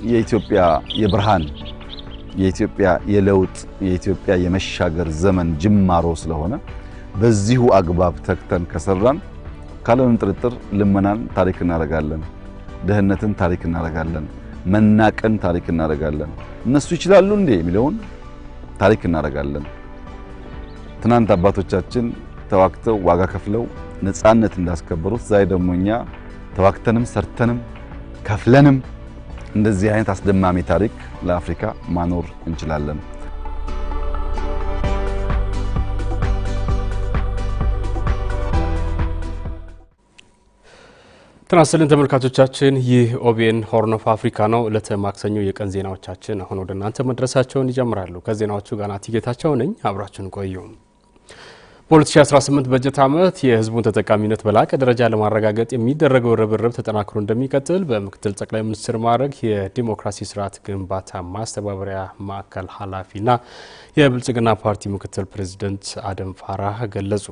Ya, hidup ya, ia berhenti. የኢትዮጵያ የለውጥ የኢትዮጵያ የመሻገር ዘመን ጅማሮ ስለሆነ በዚሁ አግባብ ተክተን ከሰራን ካለምንም ጥርጥር ልመናን ታሪክ እናደርጋለን፣ ድህነትን ታሪክ እናደርጋለን፣ መናቅን ታሪክ እናደርጋለን፣ እነሱ ይችላሉ እንዴ የሚለውን ታሪክ እናደርጋለን። ትናንት አባቶቻችን ተዋክተው ዋጋ ከፍለው ነፃነት እንዳስከበሩት ዛሬ ደግሞ እኛ ሰርተንም ከፍለንም እንደዚህ አይነት አስደማሚ ታሪክ ለአፍሪካ ማኖር እንችላለን። ትናስልን ተመልካቾቻችን፣ ይህ ኦቢኤን ሆርን ኦፍ አፍሪካ ነው። ዕለተ ማክሰኞ የቀን ዜናዎቻችን አሁን ወደ እናንተ መድረሳቸውን ይጀምራሉ። ከዜናዎቹ ጋር ናቲ ጌታቸው ነኝ። አብራችን ቆዩ። በ2018 በጀት ዓመት የሕዝቡን ተጠቃሚነት በላቀ ደረጃ ለማረጋገጥ የሚደረገው ርብርብ ተጠናክሮ እንደሚቀጥል በምክትል ጠቅላይ ሚኒስትር ማዕረግ የዲሞክራሲ ስርዓት ግንባታ ማስተባበሪያ ማዕከል ኃላፊና የብልጽግና ፓርቲ ምክትል ፕሬዚደንት አደም ፋራህ ገለጹ።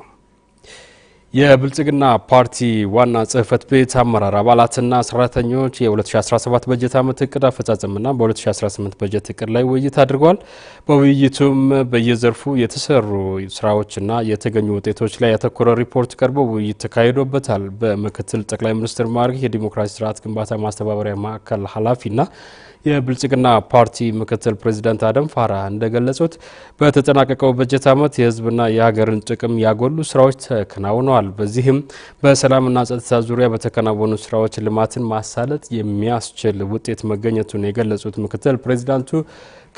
የብልጽግና ፓርቲ ዋና ጽህፈት ቤት አመራር አባላትና ሰራተኞች የ2017 በጀት ዓመት እቅድ አፈጻጸምና በ2018 በጀት እቅድ ላይ ውይይት አድርጓል። በውይይቱም በየዘርፉ የተሰሩ ስራዎችና የተገኙ ውጤቶች ላይ ያተኮረ ሪፖርት ቀርቦ ውይይት ተካሂዶበታል። በምክትል ጠቅላይ ሚኒስትር ማዕረግ የዲሞክራሲ ስርዓት ግንባታ ማስተባበሪያ ማዕከል ኃላፊና የብልጽግና ፓርቲ ምክትል ፕሬዚዳንት አደም ፋራ እንደገለጹት በተጠናቀቀው በጀት ዓመት የህዝብና የሀገርን ጥቅም ያጎሉ ስራዎች ተከናውነዋል። በዚህም በሰላምና ጸጥታ ዙሪያ በተከናወኑ ስራዎች ልማትን ማሳለጥ የሚያስችል ውጤት መገኘቱን የገለጹት ምክትል ፕሬዚዳንቱ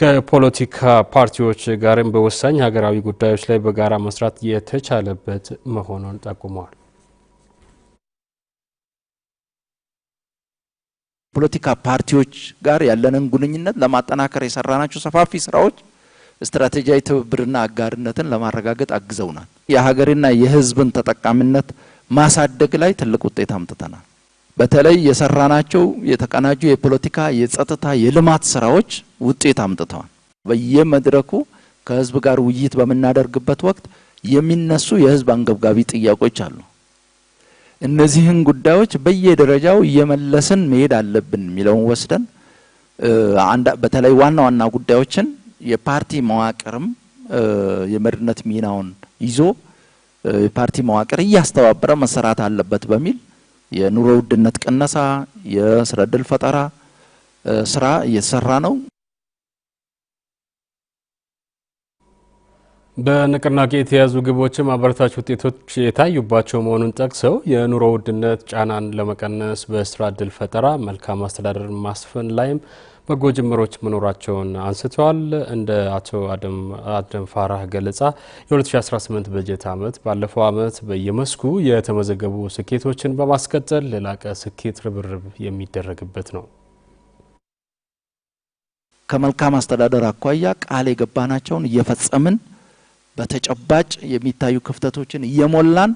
ከፖለቲካ ፓርቲዎች ጋርም በወሳኝ ሀገራዊ ጉዳዮች ላይ በጋራ መስራት የተቻለበት መሆኑን ጠቁመዋል። ከፖለቲካ ፓርቲዎች ጋር ያለንን ግንኙነት ለማጠናከር የሰራናቸው ሰፋፊ ስራዎች ስትራቴጂያዊ ትብብርና አጋርነትን ለማረጋገጥ አግዘውናል። የሀገርና የሕዝብን ተጠቃሚነት ማሳደግ ላይ ትልቅ ውጤት አምጥተናል። በተለይ የሰራናቸው የተቀናጁ የፖለቲካ፣ የጸጥታ፣ የልማት ስራዎች ውጤት አምጥተዋል። በየመድረኩ ከህዝብ ጋር ውይይት በምናደርግበት ወቅት የሚነሱ የህዝብ አንገብጋቢ ጥያቄዎች አሉ። እነዚህን ጉዳዮች በየደረጃው እየመለስን መሄድ አለብን የሚለውን ወስደን በተለይ ዋና ዋና ጉዳዮችን የፓርቲ መዋቅርም የመሪነት ሚናውን ይዞ የፓርቲ መዋቅር እያስተባበረ መሰራት አለበት በሚል የኑሮ ውድነት ቅነሳ፣ የስረድል ፈጠራ ስራ እየተሰራ ነው። በንቅናቄ የተያዙ ግቦችም አበረታች ውጤቶች የታዩባቸው መሆኑን ጠቅሰው የኑሮ ውድነት ጫናን ለመቀነስ በስራ እድል ፈጠራ፣ መልካም አስተዳደር ማስፈን ላይም በጎ ጅምሮች መኖራቸውን አንስተዋል። እንደ አቶ አደም ፋራህ ገለጻ የ2018 በጀት ዓመት ባለፈው ዓመት በየመስኩ የተመዘገቡ ስኬቶችን በማስቀጠል ለላቀ ስኬት ርብርብ የሚደረግበት ነው። ከመልካም አስተዳደር አኳያ ቃል የገባናቸውን እየፈጸምን በተጨባጭ የሚታዩ ክፍተቶችን እየሞላን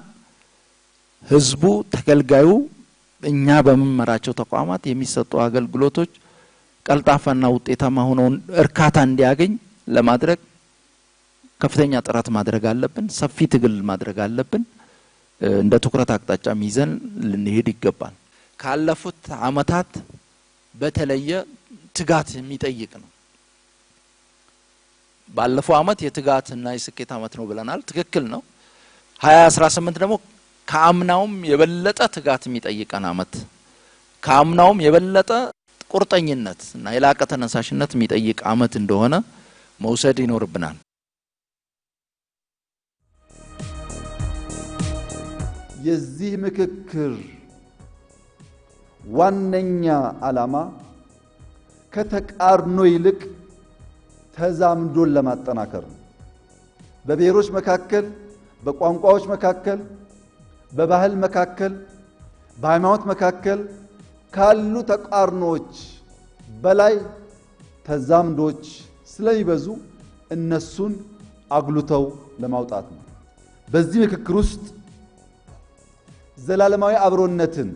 ህዝቡ ተገልጋዩ እኛ በመመራቸው ተቋማት የሚሰጡ አገልግሎቶች ቀልጣፋና ውጤታማ ሆነውን እርካታ እንዲያገኝ ለማድረግ ከፍተኛ ጥረት ማድረግ አለብን። ሰፊ ትግል ማድረግ አለብን። እንደ ትኩረት አቅጣጫ ይዘን ልንሄድ ይገባል። ካለፉት አመታት በተለየ ትጋት የሚጠይቅ ነው። ባለፈው አመት የትጋትና የስኬት አመት ነው ብለናል። ትክክል ነው። 2018 ደግሞ ከአምናውም የበለጠ ትጋት የሚጠይቀን አመት ከአምናውም የበለጠ ቁርጠኝነት እና የላቀ ተነሳሽነት የሚጠይቅ አመት እንደሆነ መውሰድ ይኖርብናል። የዚህ ምክክር ዋነኛ አላማ ከተቃርኖ ይልቅ ተዛምዶን ለማጠናከር ነው። በብሔሮች መካከል፣ በቋንቋዎች መካከል፣ በባህል መካከል፣ በሃይማኖት መካከል ካሉ ተቃርኖዎች በላይ ተዛምዶች ስለሚበዙ እነሱን አጉልተው ለማውጣት ነው። በዚህ ምክክር ውስጥ ዘላለማዊ አብሮነትን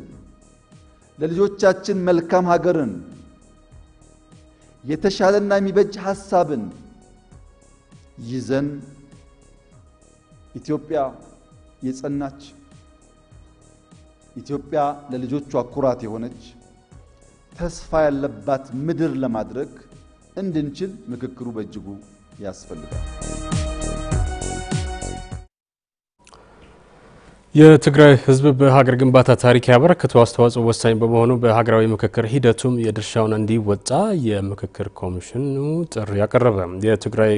ለልጆቻችን መልካም ሀገርን የተሻለና የሚበጅ ሀሳብን ይዘን ኢትዮጵያ የጸናች ኢትዮጵያ ለልጆቿ ኩራት የሆነች ተስፋ ያለባት ምድር ለማድረግ እንድንችል ምክክሩ በእጅጉ ያስፈልጋል። የትግራይ ህዝብ በሀገር ግንባታ ታሪክ ያበረከተው አስተዋጽኦ ወሳኝ በመሆኑ በሀገራዊ ምክክር ሂደቱም የድርሻውን እንዲወጣ የምክክር ኮሚሽኑ ጥሪ ያቀረበ የትግራይ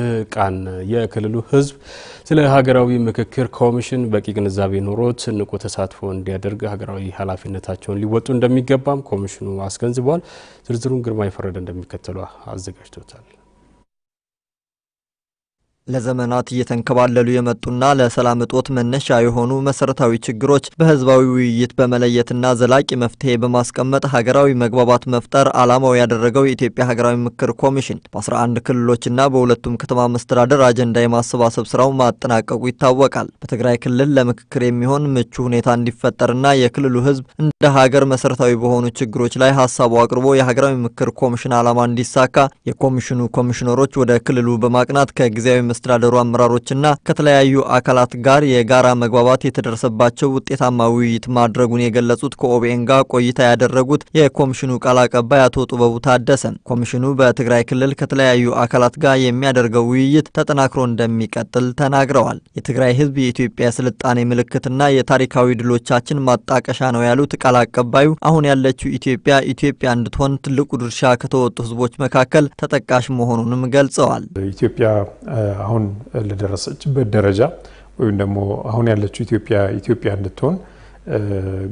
ልቃን የክልሉ ህዝብ ስለ ሀገራዊ ምክክር ኮሚሽን በቂ ግንዛቤ ኖሮት ንቁ ተሳትፎ እንዲያደርግ ሀገራዊ ኃላፊነታቸውን ሊወጡ እንደሚገባም ኮሚሽኑ አስገንዝቧል። ዝርዝሩን ግርማ የፈረደ እንደሚከተሉ አዘጋጅቶታል። ለዘመናት እየተንከባለሉ የመጡና ለሰላም እጦት መነሻ የሆኑ መሰረታዊ ችግሮች በህዝባዊ ውይይት በመለየትና ዘላቂ መፍትሄ በማስቀመጥ ሀገራዊ መግባባት መፍጠር ዓላማው ያደረገው የኢትዮጵያ ሀገራዊ ምክር ኮሚሽን በ11 ክልሎችና በሁለቱም ከተማ መስተዳደር አጀንዳ የማሰባሰብ ስራው ማጠናቀቁ ይታወቃል። በትግራይ ክልል ለምክክር የሚሆን ምቹ ሁኔታ እንዲፈጠርና የክልሉ ህዝብ እንደ ሀገር መሰረታዊ በሆኑ ችግሮች ላይ ሀሳቡ አቅርቦ የሀገራዊ ምክር ኮሚሽን ዓላማ እንዲሳካ የኮሚሽኑ ኮሚሽነሮች ወደ ክልሉ በማቅናት ከጊዜያዊ ከአስተዳደሩ አመራሮችና ከተለያዩ አካላት ጋር የጋራ መግባባት የተደረሰባቸው ውጤታማ ውይይት ማድረጉን የገለጹት ከኦቤን ጋር ቆይታ ያደረጉት የኮሚሽኑ ቃል አቀባይ አቶ ጥበቡ ታደሰ ኮሚሽኑ በትግራይ ክልል ከተለያዩ አካላት ጋር የሚያደርገው ውይይት ተጠናክሮ እንደሚቀጥል ተናግረዋል። የትግራይ ሕዝብ የኢትዮጵያ ስልጣኔ ምልክትና የታሪካዊ ድሎቻችን ማጣቀሻ ነው ያሉት ቃል አቀባዩ አሁን ያለችው ኢትዮጵያ ኢትዮጵያ እንድትሆን ትልቁ ድርሻ ከተወጡ ሕዝቦች መካከል ተጠቃሽ መሆኑንም ገልጸዋል። ኢትዮጵያ አሁን ለደረሰችበት ደረጃ ወይም ደግሞ አሁን ያለችው ኢትዮጵያ ኢትዮጵያ እንድትሆን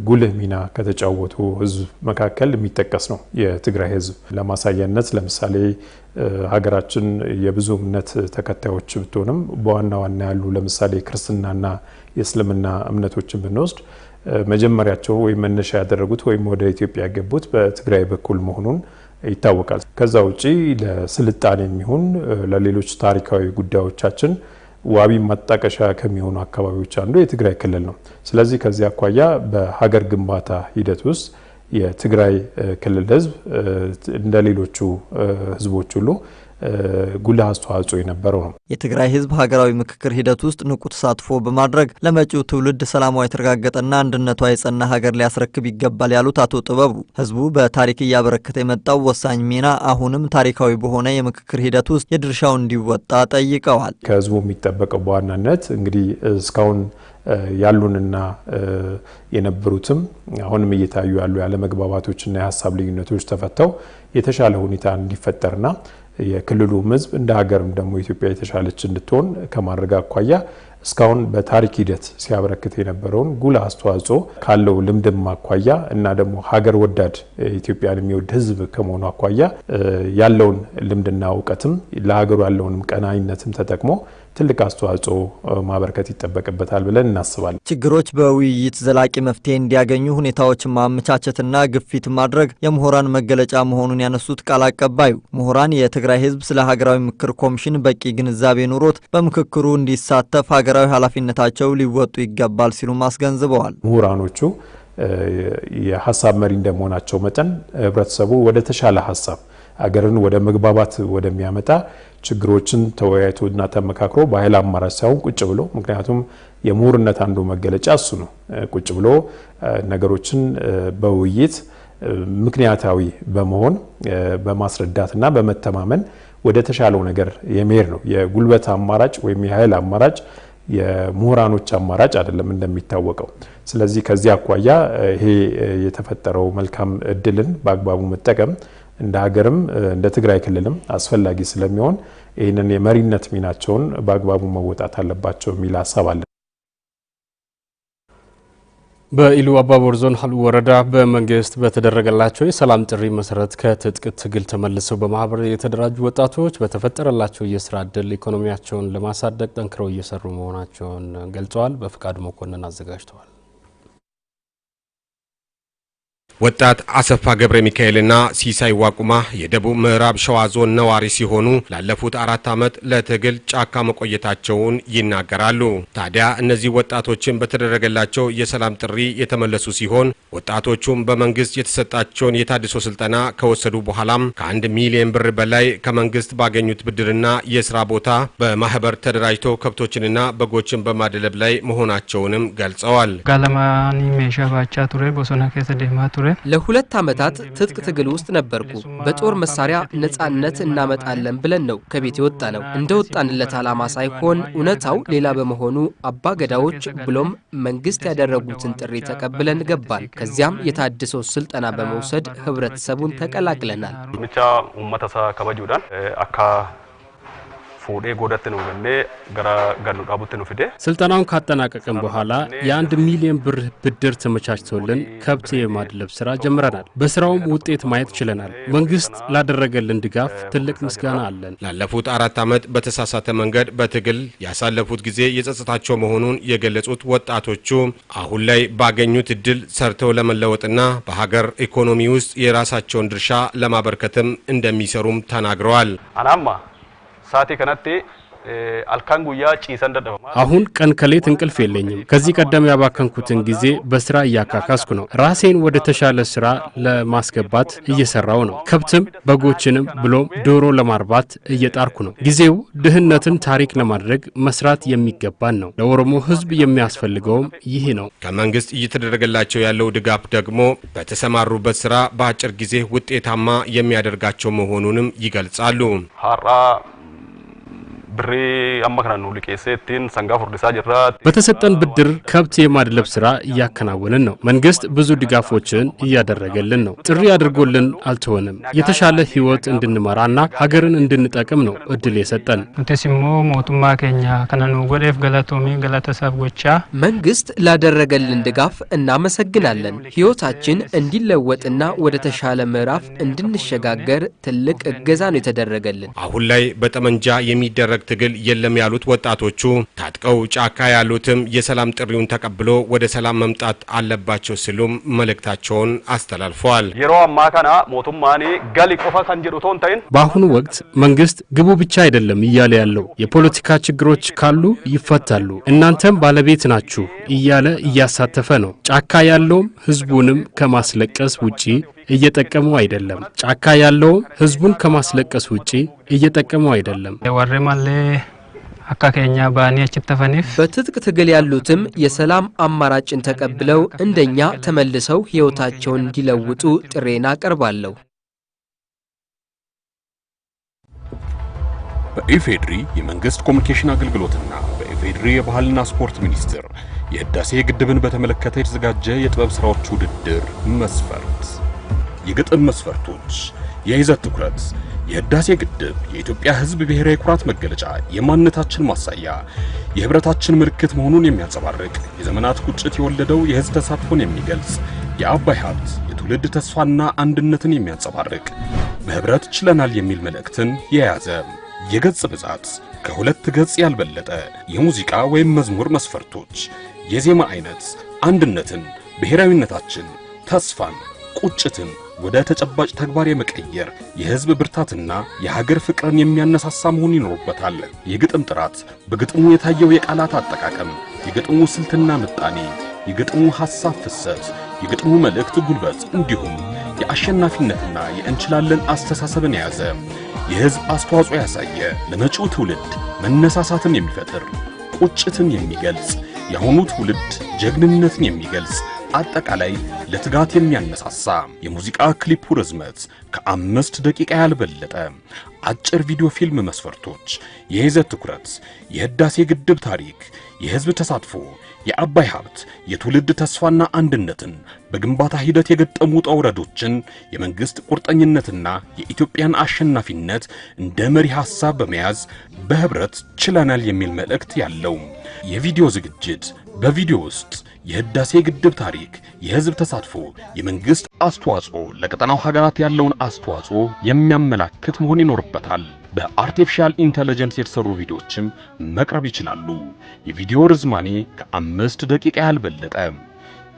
ጉልህ ሚና ከተጫወቱ ህዝብ መካከል የሚጠቀስ ነው የትግራይ ህዝብ። ለማሳያነት ለምሳሌ ሀገራችን የብዙ እምነት ተከታዮች ብትሆንም በዋና ዋና ያሉ ለምሳሌ ክርስትናና የእስልምና እምነቶችን ብንወስድ መጀመሪያቸው ወይም መነሻ ያደረጉት ወይም ወደ ኢትዮጵያ ያገቡት በትግራይ በኩል መሆኑን ይታወቃል። ከዛ ውጪ ለስልጣኔ የሚሆን ለሌሎች ታሪካዊ ጉዳዮቻችን ዋቢ ማጣቀሻ ከሚሆኑ አካባቢዎች አንዱ የትግራይ ክልል ነው። ስለዚህ ከዚህ አኳያ በሀገር ግንባታ ሂደት ውስጥ የትግራይ ክልል ህዝብ እንደ ሌሎቹ ሁሉ ጉልህ አስተዋጽኦ የነበረው ነው። የትግራይ ህዝብ ሀገራዊ ምክክር ሂደት ውስጥ ንቁ ተሳትፎ በማድረግ ለመጪው ትውልድ ሰላሟ የተረጋገጠና አንድነቷ የጸና ሀገር ሊያስረክብ ይገባል ያሉት አቶ ጥበቡ ህዝቡ በታሪክ እያበረከተ የመጣው ወሳኝ ሚና አሁንም ታሪካዊ በሆነ የምክክር ሂደት ውስጥ የድርሻውን እንዲወጣ ጠይቀዋል። ከህዝቡ የሚጠበቀው በዋናነት እንግዲህ እስካሁን ያሉንና የነበሩትም አሁንም እየታዩ ያሉ ያለመግባባቶችና የሀሳብ ልዩነቶች ተፈተው የተሻለ ሁኔታ እንዲፈጠርና የክልሉም ህዝብ እንደ ሀገርም ደግሞ ኢትዮጵያ የተሻለች እንድትሆን ከማድረግ አኳያ እስካሁን በታሪክ ሂደት ሲያበረክት የነበረውን ጉልህ አስተዋጽኦ ካለው ልምድም አኳያ እና ደግሞ ሀገር ወዳድ ኢትዮጵያን የሚወድ ህዝብ ከመሆኑ አኳያ ያለውን ልምድና እውቀትም ለሀገሩ ያለውንም ቀናይነትም ተጠቅሞ ትልቅ አስተዋጽኦ ማበርከት ይጠበቅበታል ብለን እናስባለን። ችግሮች በውይይት ዘላቂ መፍትሄ እንዲያገኙ ሁኔታዎችን ማመቻቸትና ግፊት ማድረግ የምሁራን መገለጫ መሆኑን ያነሱት ቃል አቀባዩ ምሁራን የትግራይ ሕዝብ ስለ ሀገራዊ ምክር ኮሚሽን በቂ ግንዛቤ ኑሮት በምክክሩ እንዲሳተፍ ሀገራዊ ኃላፊነታቸው ሊወጡ ይገባል ሲሉም አስገንዝበዋል። ምሁራኖቹ የሀሳብ መሪ እንደመሆናቸው መጠን ህብረተሰቡ ወደ ተሻለ ሀሳብ አገርን ወደ መግባባት ወደሚያመጣ ችግሮችን ተወያይቶና ተመካክሮ በኃይል አማራጭ ሳይሆን ቁጭ ብሎ ምክንያቱም የምሁርነት አንዱ መገለጫ እሱ ነው። ቁጭ ብሎ ነገሮችን በውይይት ምክንያታዊ በመሆን በማስረዳትና በመተማመን ወደ ተሻለው ነገር የሚሄድ ነው። የጉልበት አማራጭ ወይም የኃይል አማራጭ የምሁራኖች አማራጭ አይደለም እንደሚታወቀው። ስለዚህ ከዚህ አኳያ ይሄ የተፈጠረው መልካም እድልን በአግባቡ መጠቀም እንደ ሀገርም እንደ ትግራይ ክልልም አስፈላጊ ስለሚሆን ይህንን የመሪነት ሚናቸውን በአግባቡ መወጣት አለባቸው የሚል ሀሳብ አለ። በኢሉ አባቦር ዞን ሀሉ ወረዳ በመንግስት በተደረገላቸው የሰላም ጥሪ መሰረት ከትጥቅ ትግል ተመልሰው በማህበር የተደራጁ ወጣቶች በተፈጠረላቸው የስራ እድል ኢኮኖሚያቸውን ለማሳደግ ጠንክረው እየሰሩ መሆናቸውን ገልጸዋል። በፍቃድ መኮንን አዘጋጅተዋል። ወጣት አሰፋ ገብረ ሚካኤልና ሲሳይ ዋቁማ የደቡብ ምዕራብ ሸዋ ዞን ነዋሪ ሲሆኑ ላለፉት አራት ዓመት ለትግል ጫካ መቆየታቸውን ይናገራሉ። ታዲያ እነዚህ ወጣቶችን በተደረገላቸው የሰላም ጥሪ የተመለሱ ሲሆን ወጣቶቹም በመንግስት የተሰጣቸውን የታድሶ ስልጠና ከወሰዱ በኋላም ከአንድ ሚሊዮን ብር በላይ ከመንግስት ባገኙት ብድርና የስራ ቦታ በማህበር ተደራጅተው ከብቶችንና በጎችን በማደለብ ላይ መሆናቸውንም ገልጸዋል። ጋለማኒ ሜሻ ባቻ ቱሬ ቦሶና ኬሰ ቱሬ ለሁለት ዓመታት ትጥቅ ትግል ውስጥ ነበርኩ። በጦር መሳሪያ ነጻነት እናመጣለን ብለን ነው ከቤት የወጣ ነው። እንደ ወጣንለት ዓላማ ሳይሆን እውነታው ሌላ በመሆኑ አባገዳዎች ብሎም መንግስት ያደረጉትን ጥሪ ተቀብለን ገባል። ከዚያም የታድሶ ስልጠና በመውሰድ ህብረተሰቡን ተቀላቅለናል። fuudhee godatti nu gannee gara gannu dhaabutti nu fide። ስልጠናውን ካጠናቀቅን በኋላ የአንድ ሚሊዮን ብር ብድር ተመቻችቶልን ከብት የማድለብ ስራ ጀምረናል። በስራውም ውጤት ማየት ችለናል። መንግስት ላደረገልን ድጋፍ ትልቅ ምስጋና አለን። ላለፉት አራት ዓመት በተሳሳተ መንገድ በትግል ያሳለፉት ጊዜ የጸጸታቸው መሆኑን የገለጹት ወጣቶቹ አሁን ላይ ባገኙት እድል ሰርተው ለመለወጥና በሀገር ኢኮኖሚ ውስጥ የራሳቸውን ድርሻ ለማበርከትም እንደሚሰሩም ተናግረዋል። አናማ ሳቲ ከነቴ አልካን ጉያ ጪሰን ደደበ አሁን ቀን ከሌት እንቅልፍ የለኝም። ከዚህ ቀደም ያባከንኩትን ጊዜ በስራ እያካካስኩ ነው። ራሴን ወደ ተሻለ ስራ ለማስገባት እየሰራው ነው። ከብትም በጎችንም ብሎም ዶሮ ለማርባት እየጣርኩ ነው። ጊዜው ድህነትን ታሪክ ለማድረግ መስራት የሚገባን ነው። ለኦሮሞ ህዝብ የሚያስፈልገውም ይህ ነው። ከመንግስት እየተደረገላቸው ያለው ድጋፍ ደግሞ በተሰማሩበት ስራ በአጭር ጊዜ ውጤታማ የሚያደርጋቸው መሆኑንም ይገልጻሉ። በተሰጠን ብድር ከብት የማድለብ ስራ እያከናወንን ነው። መንግስት ብዙ ድጋፎችን እያደረገልን ነው። ጥሪ አድርጎልን አልተሆንም። የተሻለ ህይወት እንድንመራና ሀገርን እንድንጠቅም ነው እድል የሰጠን። ንቴሲሞ ሞቱማ ኬኛ ከነኑ ገለቶሚ ገለተሰብ ጎቻ መንግስት ላደረገልን ድጋፍ እናመሰግናለን። ህይወታችን እንዲለወጥና ወደ ተሻለ ምዕራፍ እንድንሸጋገር ትልቅ እገዛ ነው የተደረገልን። አሁን ላይ በጠመንጃ የሚደረግ ትግል የለም ያሉት ወጣቶቹ ታጥቀው ጫካ ያሉትም የሰላም ጥሪውን ተቀብሎ ወደ ሰላም መምጣት አለባቸው ሲሉም መልእክታቸውን አስተላልፈዋል። የሮ ሞቱማኔ ገሊ በአሁኑ ወቅት መንግስት ግቡ ብቻ አይደለም እያለ ያለው የፖለቲካ ችግሮች ካሉ ይፈታሉ፣ እናንተም ባለቤት ናችሁ እያለ እያሳተፈ ነው። ጫካ ያለውም ህዝቡንም ከማስለቀስ ውጪ እየጠቀመው አይደለም። ጫካ ያለውም ህዝቡን ከማስለቀስ ውጪ እየጠቀመው አይደለም። በትጥቅ ትግል ያሉትም የሰላም አማራጭን ተቀብለው እንደኛ ተመልሰው ህይወታቸውን እንዲለውጡ ጥሬን አቀርባለሁ። በኢፌድሪ የመንግስት ኮሚኒኬሽን አገልግሎትና በኢፌድሪ የባህልና ስፖርት ሚኒስቴር የህዳሴ ግድብን በተመለከተ የተዘጋጀ የጥበብ ስራዎች ውድድር መስፈርት የግጥም መስፈርቶች፣ የይዘት ትኩረት፣ የህዳሴ ግድብ የኢትዮጵያ ህዝብ ብሔራዊ ኩራት መገለጫ፣ የማንነታችን ማሳያ፣ የህብረታችን ምልክት መሆኑን የሚያንጸባርቅ የዘመናት ቁጭት የወለደው የህዝብ ተሳትፎን የሚገልጽ የአባይ ሀብት የትውልድ ተስፋና አንድነትን የሚያንጸባርቅ በህብረት ችለናል የሚል መልእክትን የያዘ የገጽ ብዛት ከሁለት ገጽ ያልበለጠ የሙዚቃ ወይም መዝሙር መስፈርቶች፣ የዜማ አይነት አንድነትን፣ ብሔራዊነታችን፣ ተስፋን ቁጭትን ወደ ተጨባጭ ተግባር የመቀየር የህዝብ ብርታትና የሀገር ፍቅርን የሚያነሳሳ መሆን ይኖርበታል። የግጥም ጥራት በግጥሙ የታየው የቃላት አጠቃቀም፣ የግጥሙ ስልትና ምጣኔ፣ የግጥሙ ሐሳብ ፍሰት፣ የግጥሙ መልእክት ጉልበት እንዲሁም የአሸናፊነትና የእንችላለን አስተሳሰብን የያዘ የህዝብ አስተዋጽኦ ያሳየ ለመጪው ትውልድ መነሳሳትን የሚፈጥር ቁጭትን የሚገልጽ የአሁኑ ትውልድ ጀግንነትን የሚገልጽ አጠቃላይ ለትጋት የሚያነሳሳ የሙዚቃ ክሊፑ ርዝመት ከአምስት ደቂቃ ያልበለጠ አጭር ቪዲዮ ፊልም መስፈርቶች፣ የይዘት ትኩረት፣ የህዳሴ ግድብ ታሪክ፣ የህዝብ ተሳትፎ፣ የአባይ ሀብት፣ የትውልድ ተስፋና አንድነትን፣ በግንባታ ሂደት የገጠሙ ውጣ ውረዶችን፣ የመንግስት ቁርጠኝነትና የኢትዮጵያን አሸናፊነት እንደ መሪ ሐሳብ በመያዝ በህብረት ችለናል የሚል መልእክት ያለው የቪዲዮ ዝግጅት በቪዲዮ ውስጥ የህዳሴ ግድብ ታሪክ፣ የህዝብ ተሳትፎ፣ የመንግስት አስተዋጽኦ ለቀጠናው ሀገራት ያለውን አስተዋጽኦ የሚያመላክት መሆን ይኖርበታል። በአርቲፊሻል ኢንተለጀንስ የተሰሩ ቪዲዮዎችም መቅረብ ይችላሉ። የቪዲዮ ርዝማኔ ከአምስት ደቂቃ ያልበለጠ።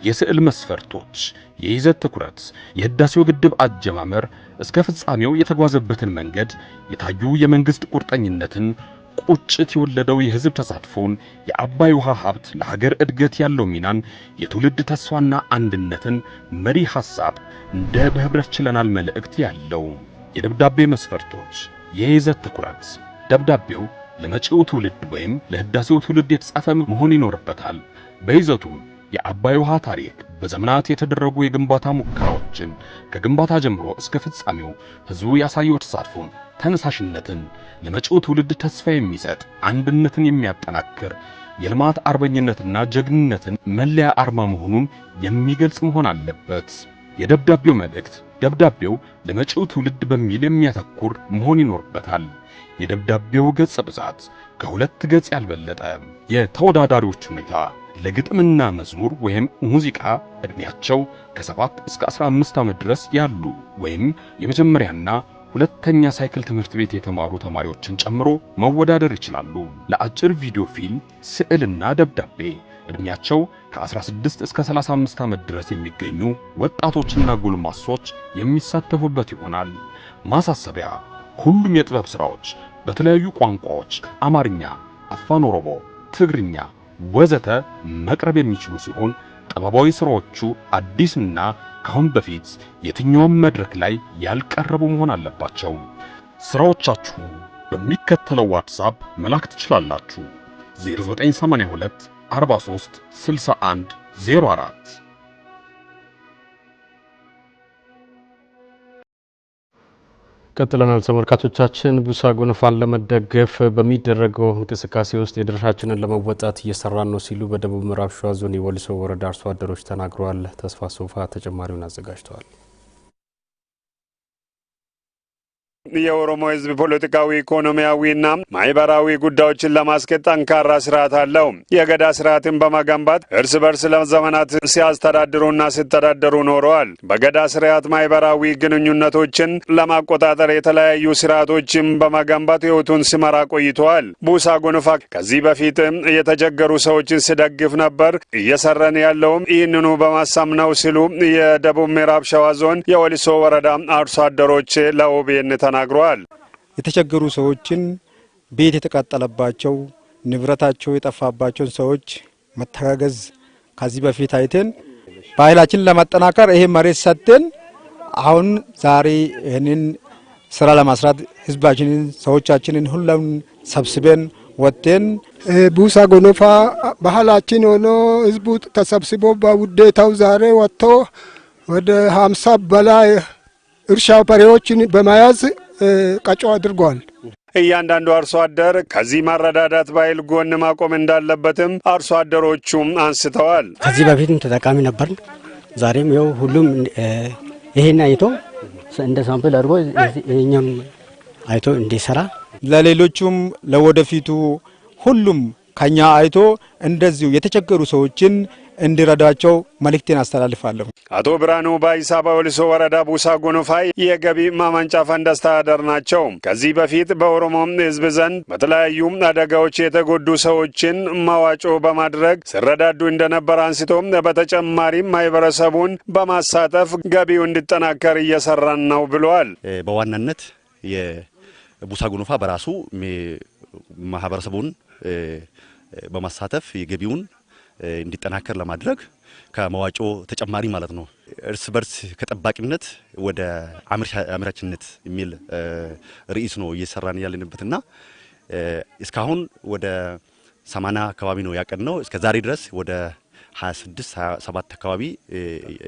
የስዕል መስፈርቶች፣ የይዘት ትኩረት፣ የህዳሴው ግድብ አጀማመር እስከ ፍጻሜው የተጓዘበትን መንገድ፣ የታዩ የመንግስት ቁርጠኝነትን ቁጭት የወለደው የህዝብ ተሳትፎን፣ የአባይ ውሃ ሀብት ለሀገር እድገት ያለው ሚናን፣ የትውልድ ተስፋና አንድነትን መሪ ሐሳብ እንደ በህብረት ችለናል መልእክት ያለው የደብዳቤ መስፈርቶች፣ የይዘት ትኩረት። ደብዳቤው ለመጪው ትውልድ ወይም ለህዳሴው ትውልድ የተጻፈ መሆን ይኖርበታል። በይዘቱ የአባይ ውሃ ታሪክ በዘመናት የተደረጉ የግንባታ ሙከራዎችን ከግንባታ ጀምሮ እስከ ፍጻሜው ህዝቡ ያሳየው ተሳትፎን፣ ተነሳሽነትን ለመጪው ትውልድ ተስፋ የሚሰጥ አንድነትን የሚያጠናክር የልማት አርበኝነትና ጀግንነትን መለያ አርማ መሆኑን የሚገልጽ መሆን አለበት። የደብዳቤው መልእክት ደብዳቤው ለመጪው ትውልድ በሚል የሚያተኩር መሆን ይኖርበታል። የደብዳቤው ገጽ ብዛት ከሁለት ገጽ ያልበለጠ፣ የተወዳዳሪዎች ሁኔታ ለግጥምና መዝሙር ወይም ሙዚቃ ዕድሜያቸው ከ7 እስከ 15 ዓመት ድረስ ያሉ ወይም የመጀመሪያና ሁለተኛ ሳይክል ትምህርት ቤት የተማሩ ተማሪዎችን ጨምሮ መወዳደር ይችላሉ። ለአጭር ቪዲዮ ፊልም፣ ስዕልና ደብዳቤ ዕድሜያቸው ከ16 እስከ 35 ዓመት ድረስ የሚገኙ ወጣቶችና ጎልማሶች የሚሳተፉበት ይሆናል። ማሳሰቢያ፣ ሁሉም የጥበብ ሥራዎች በተለያዩ ቋንቋዎች አማርኛ፣ አፋን ኦሮሞ፣ ትግርኛ ወዘተ መቅረብ የሚችሉ ሲሆን ጥበባዊ ስራዎቹ አዲስና ካሁን በፊት የትኛውም መድረክ ላይ ያልቀረቡ መሆን አለባቸው። ስራዎቻችሁ በሚከተለው ዋትሳፕ መላክ ትችላላችሁ 0982 43 61 04 ቀጥለናል ተመልካቾቻችን። ቡሳ ጎንፋን ለመደገፍ በሚደረገው እንቅስቃሴ ውስጥ የድርሻችንን ለመወጣት እየሰራን ነው ሲሉ በደቡብ ምዕራብ ሸዋ ዞን የወሊሶ ወረዳ አርሶ አደሮች ተናግረዋል። ተስፋ ሶፋ ተጨማሪውን አዘጋጅተዋል። የኦሮሞ ህዝብ ፖለቲካዊ፣ ኢኮኖሚያዊና ማህበራዊ ጉዳዮችን ለማስኬድ ጠንካራ ስርዓት አለው። የገዳ ስርዓትን በመገንባት እርስ በርስ ለዘመናት ሲያስተዳድሩና ሲተዳደሩ ኖረዋል። በገዳ ስርዓት ማህበራዊ ግንኙነቶችን ለማቆጣጠር የተለያዩ ስርዓቶችን በመገንባት ህይወቱን ሲመራ ቆይተዋል። ቡሳ ጎንፋ ከዚህ በፊት የተቸገሩ ሰዎችን ሲደግፍ ነበር። እየሰረን ያለውም ይህንኑ በማሳም ነው ሲሉ የደቡብ ምዕራብ ሸዋ ዞን የወሊሶ ወረዳ አርሶ አደሮች ለኦቤን ተናል ተናግረዋል። የተቸገሩ ሰዎችን፣ ቤት የተቃጠለባቸው፣ ንብረታቸው የጠፋባቸውን ሰዎች መተጋገዝ ከዚህ በፊት አይተን ባህላችን ለማጠናከር ይሄ መሬት ሰጥተን አሁን ዛሬ ይህንን ስራ ለማስራት ህዝባችንን ሰዎቻችንን ሁሉም ሰብስበን ወጥተን ቡሳ ጎኖፋ ባህላችን ሆኖ ህዝቡ ተሰብስቦ በውዴታው ዛሬ ወጥቶ ወደ ሀምሳ በላይ እርሻ በሬዎችን በመያዝ ቀጮ አድርጓል። እያንዳንዱ አርሶ አደር ከዚህ ማረዳዳት ባይል ጎን ማቆም እንዳለበትም አርሶ አደሮቹም አንስተዋል። ከዚህ በፊትም ተጠቃሚ ነበር። ዛሬም ይኸው ሁሉም ይሄን አይቶ እንደ ሳምፕል አድርጎ ይህኛም አይቶ እንዲሰራ ለሌሎቹም ለወደፊቱ ሁሉም ከኛ አይቶ እንደዚሁ የተቸገሩ ሰዎችን እንዲረዳቸው መልእክቴን አስተላልፋለሁ። አቶ ብርሃኑ ባይሳ ወሊሶ ወረዳ ቡሳ ጎኖፋይ የገቢ ማመንጫ ፈንድ አስተዳደር ናቸው። ከዚህ በፊት በኦሮሞ ሕዝብ ዘንድ በተለያዩ አደጋዎች የተጎዱ ሰዎችን ማዋጮ በማድረግ ሲረዳዱ እንደነበር አንስቶ በተጨማሪም ማህበረሰቡን በማሳተፍ ገቢው እንዲጠናከር እየሰራን ነው ብለዋል። በዋናነት የቡሳ ጎኖፋ በራሱ ማህበረሰቡን በማሳተፍ የገቢውን እንዲጠናከር ለማድረግ ከመዋጮ ተጨማሪ ማለት ነው እርስ በርስ ከጠባቂነት ወደ አምራችነት የሚል ርዕስ ነው እየሰራን ያለንበትና እስካሁን ወደ ሰማና አካባቢ ነው ያቀድ ነው እስከ ዛሬ ድረስ ወደ 26 27 አካባቢ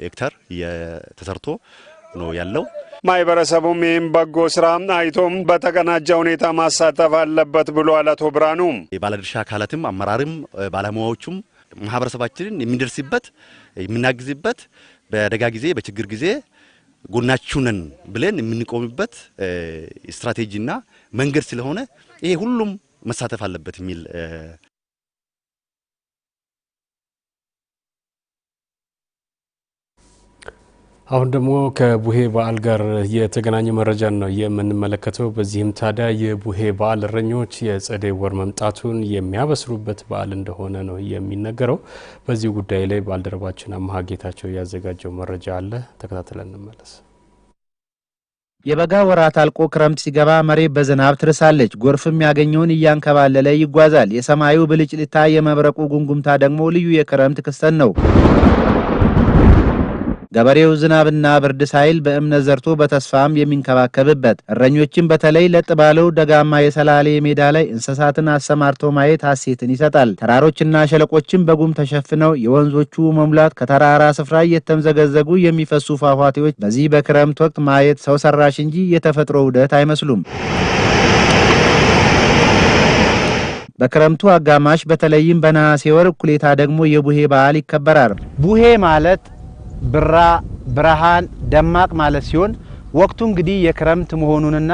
ሄክታር ተሰርቶ ነው ያለው። ማህበረሰቡም ይህም በጎ ስራ አይቶም በተቀናጀ ሁኔታ ማሳተፍ አለበት ብሎ አቶ ብራኑ የባለድርሻ አካላትም አመራርም ባለሙያዎቹም ማህበረሰባችንን የምንደርስበት የምናግዝበት፣ በአደጋ ጊዜ በችግር ጊዜ ጎናችሁነን ብለን የምንቆምበት ስትራቴጂና መንገድ ስለሆነ ይሄ ሁሉም መሳተፍ አለበት የሚል አሁን ደግሞ ከቡሄ በዓል ጋር የተገናኘ መረጃን ነው የምንመለከተው። በዚህም ታዲያ የቡሄ በዓል እረኞች የጸደይ ወር መምጣቱን የሚያበስሩበት በዓል እንደሆነ ነው የሚነገረው። በዚህ ጉዳይ ላይ ባልደረባችን አመሀ ጌታቸው ያዘጋጀው መረጃ አለ፣ ተከታትለን እንመለስ። የበጋ ወራት አልቆ ክረምት ሲገባ መሬት በዝናብ ትርሳለች። ጎርፍም ያገኘውን እያንከባለለ ይጓዛል። የሰማዩ ብልጭልታ፣ የመብረቁ ጉምጉምታ ደግሞ ልዩ የክረምት ክስተት ነው። ገበሬው ዝናብና ብርድ ሳይል በእምነት ዘርቶ በተስፋም የሚንከባከብበት እረኞችም በተለይ ለጥ ባለው ደጋማ የሰላሌ ሜዳ ላይ እንስሳትን አሰማርቶ ማየት ሐሴትን ይሰጣል። ተራሮችና ሸለቆችም በጉም ተሸፍነው የወንዞቹ መሙላት ከተራራ ስፍራ እየተምዘገዘጉ የሚፈሱ ፏፏቴዎች በዚህ በክረምት ወቅት ማየት ሰው ሰራሽ እንጂ የተፈጥሮ ውደት አይመስሉም። በክረምቱ አጋማሽ በተለይም በነሐሴ ወር እኩሌታ ደግሞ የቡሄ በዓል ይከበራል። ቡሄ ማለት ብራ፣ ብርሃን፣ ደማቅ ማለት ሲሆን ወቅቱ እንግዲህ የክረምት መሆኑንና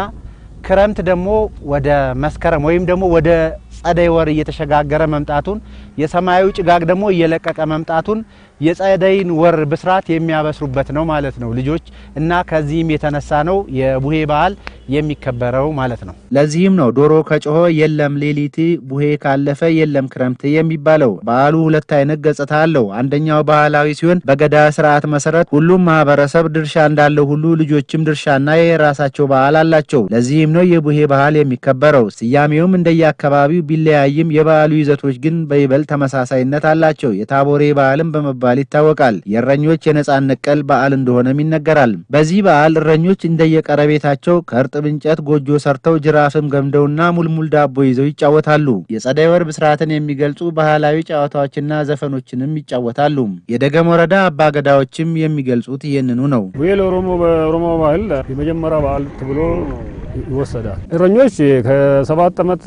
ክረምት ደግሞ ወደ መስከረም ወይም ደግሞ ወደ ጸደይ ወር እየተሸጋገረ መምጣቱን የሰማዩ ጭጋግ ደግሞ እየለቀቀ መምጣቱን የጸደይን ወር ብስራት የሚያበስሩበት ነው ማለት ነው ልጆች እና ከዚህም የተነሳ ነው የቡሄ በዓል የሚከበረው ማለት ነው። ለዚህም ነው ዶሮ ከጮኸ የለም ሌሊት፣ ቡሄ ካለፈ የለም ክረምት የሚባለው። በዓሉ ሁለት አይነት ገጽታ አለው። አንደኛው ባህላዊ ሲሆን በገዳ ስርዓት መሰረት ሁሉም ማህበረሰብ ድርሻ እንዳለው ሁሉ ልጆችም ድርሻና የራሳቸው በዓል አላቸው። ለዚህም ነው የቡሄ በዓል የሚከበረው። ስያሜውም እንደየአካባቢው ቢለያይም የበዓሉ ይዘቶች ግን በይበልጥ ተመሳሳይነት አላቸው። የታቦሬ በዓልም በመባል በመባል ይታወቃል። የእረኞች የነጻነት ቀን በዓል እንደሆነም ይነገራል። በዚህ በዓል እረኞች እንደየቀረቤታቸው ከእርጥብ እንጨት ጎጆ ሰርተው ጅራፍም ገምደውና ሙልሙል ዳቦ ይዘው ይጫወታሉ። የጸደይ ወር ብስራትን የሚገልጹ ባህላዊ ጨዋታዎችና ዘፈኖችንም ይጫወታሉ። የደገም ወረዳ አባገዳዎችም የሚገልጹት ይህንኑ ነው። ዌል ኦሮሞ በኦሮሞ ባህል የመጀመሪያ በዓል ተብሎ ይወሰዳል። እረኞች ከሰባት ዓመት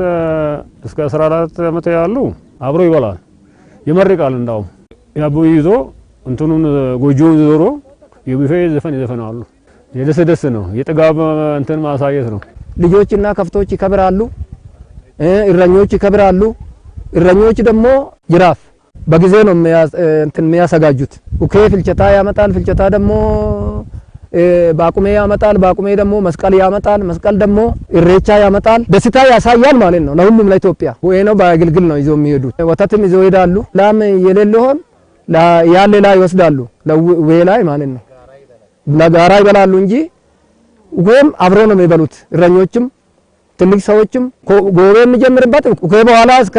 እስከ አስራ አራት ዓመት ያሉ አብሮ ይበላል፣ ይመርቃል። እንዳውም ያቦ ይዞ እንትኑን ጎጆውን ዞሮ የቡፌ ዘፈን ይዘፈናሉ። የደስ ደስ ነው፣ የጥጋብ እንትን ማሳየት ነው። ልጆችና ከፍቶች ይከብራሉ፣ እረኞች ይከብራሉ። እረኞች ደግሞ ጅራፍ በጊዜ ነው እንትን የሚያሰጋጁት። ኡኬ ፍልጨታ ያመጣል፣ ፍልጨታ ደግሞ ባቁሜ ያመጣል፣ ባቁሜ ደግሞ መስቀል ያመጣል፣ መስቀል ደግሞ እሬቻ ያመጣል። ደስታ ያሳያል ማለት ነው ለሁሉም ለኢትዮጵያ። ወይ ነው በግልግል ነው ይዞ የሚሄዱት። ወተትም ይዞ ይሄዳሉ። ላም የሌለሆን ያሌ ላይ ይወስዳሉ ለዌ ላይ ማለት ነው። ለጋራ ይበላሉ እንጂ ጎም አብሮ ነው የሚበሉት። እረኞችም ትልቅ ሰዎችም ጎበ የሚጀምርበት በኋላ እስከ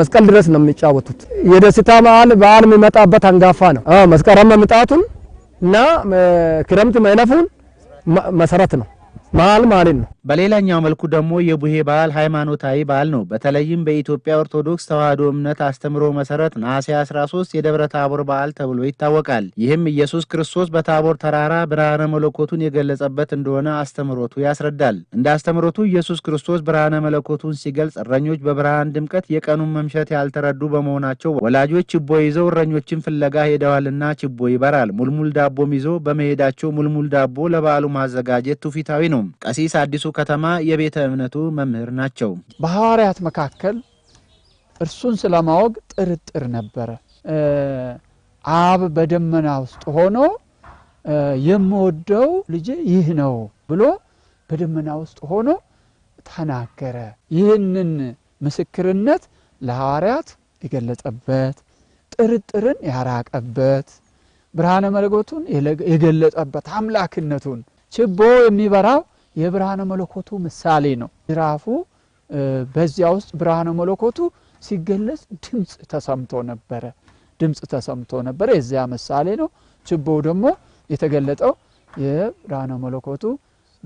መስቀል ድረስ ነው የሚጫወቱት። የደስታ በዓል በዓል የሚመጣበት አንጋፋ ነው። አዎ መስከረም መምጣቱን እና ክረምት መለፉን መሰረት ነው መሀል ማለት ነው። በሌላኛው መልኩ ደግሞ የቡሄ በዓል ሃይማኖታዊ በዓል ነው። በተለይም በኢትዮጵያ ኦርቶዶክስ ተዋሕዶ እምነት አስተምሮ መሰረት ነሐሴ 13 የደብረ ታቦር በዓል ተብሎ ይታወቃል። ይህም ኢየሱስ ክርስቶስ በታቦር ተራራ ብርሃነ መለኮቱን የገለጸበት እንደሆነ አስተምሮቱ ያስረዳል። እንደ አስተምሮቱ ኢየሱስ ክርስቶስ ብርሃነ መለኮቱን ሲገልጽ እረኞች በብርሃን ድምቀት የቀኑን መምሸት ያልተረዱ በመሆናቸው ወላጆች ችቦ ይዘው እረኞችን ፍለጋ ሄደዋልና ችቦ ይበራል። ሙልሙል ዳቦም ይዘው በመሄዳቸው ሙልሙል ዳቦ ለበዓሉ ማዘጋጀት ትውፊታዊ ነው። ቀሲስ አዲሱ ከተማ የቤተ እምነቱ መምህር ናቸው። በሐዋርያት መካከል እርሱን ስለማወቅ ጥርጥር ነበረ። አብ በደመና ውስጥ ሆኖ የምወደው ልጄ ይህ ነው ብሎ በደመና ውስጥ ሆኖ ተናገረ። ይህንን ምስክርነት ለሐዋርያት የገለጸበት ጥርጥርን ያራቀበት ብርሃነ መለኮቱን የገለጸበት አምላክነቱን ችቦ የሚበራው የብርሃነ መለኮቱ ምሳሌ ነው። ጅራፉ በዚያ ውስጥ ብርሃነ መለኮቱ ሲገለጽ ድምፅ ተሰምቶ ነበረ። ድምፅ ተሰምቶ ነበረ። የዚያ ምሳሌ ነው። ችቦው ደግሞ የተገለጠው የብርሃነ መለኮቱ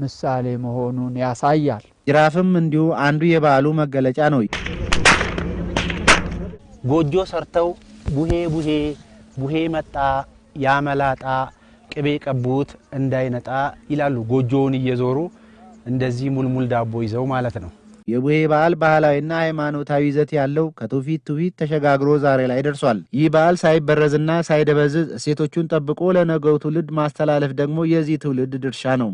ምሳሌ መሆኑን ያሳያል። ጅራፍም እንዲሁ አንዱ የበዓሉ መገለጫ ነው። ጎጆ ሰርተው ቡሄ ቡሄ ቡሄ መጣ ያመላጣ ቅቤ ቀቡት እንዳይነጣ ይላሉ ጎጆውን እየዞሩ እንደዚህ ሙልሙል ዳቦ ይዘው ማለት ነው። የቡሄ በዓል ባህላዊና ሃይማኖታዊ ይዘት ያለው ከትውፊት ትውፊት ተሸጋግሮ ዛሬ ላይ ደርሷል። ይህ በዓል ሳይበረዝና ሳይደበዝዝ እሴቶቹን ጠብቆ ለነገው ትውልድ ማስተላለፍ ደግሞ የዚህ ትውልድ ድርሻ ነው።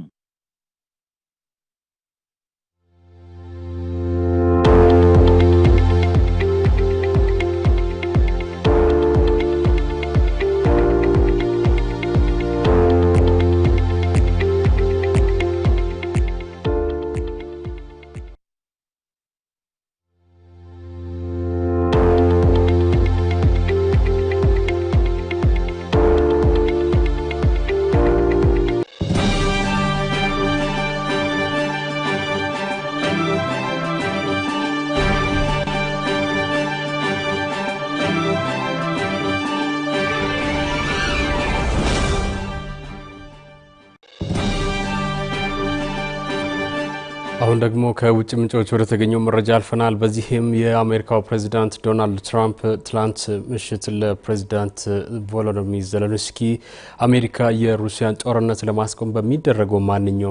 አሁን ደግሞ ከውጭ ምንጮች ወደ ተገኘው መረጃ አልፈናል። በዚህም የአሜሪካው ፕሬዚዳንት ዶናልድ ትራምፕ ትላንት ምሽት ለፕሬዚዳንት ቮሎዶሚር ዘለንስኪ አሜሪካ የሩሲያን ጦርነት ለማስቆም በሚደረገው ማንኛውም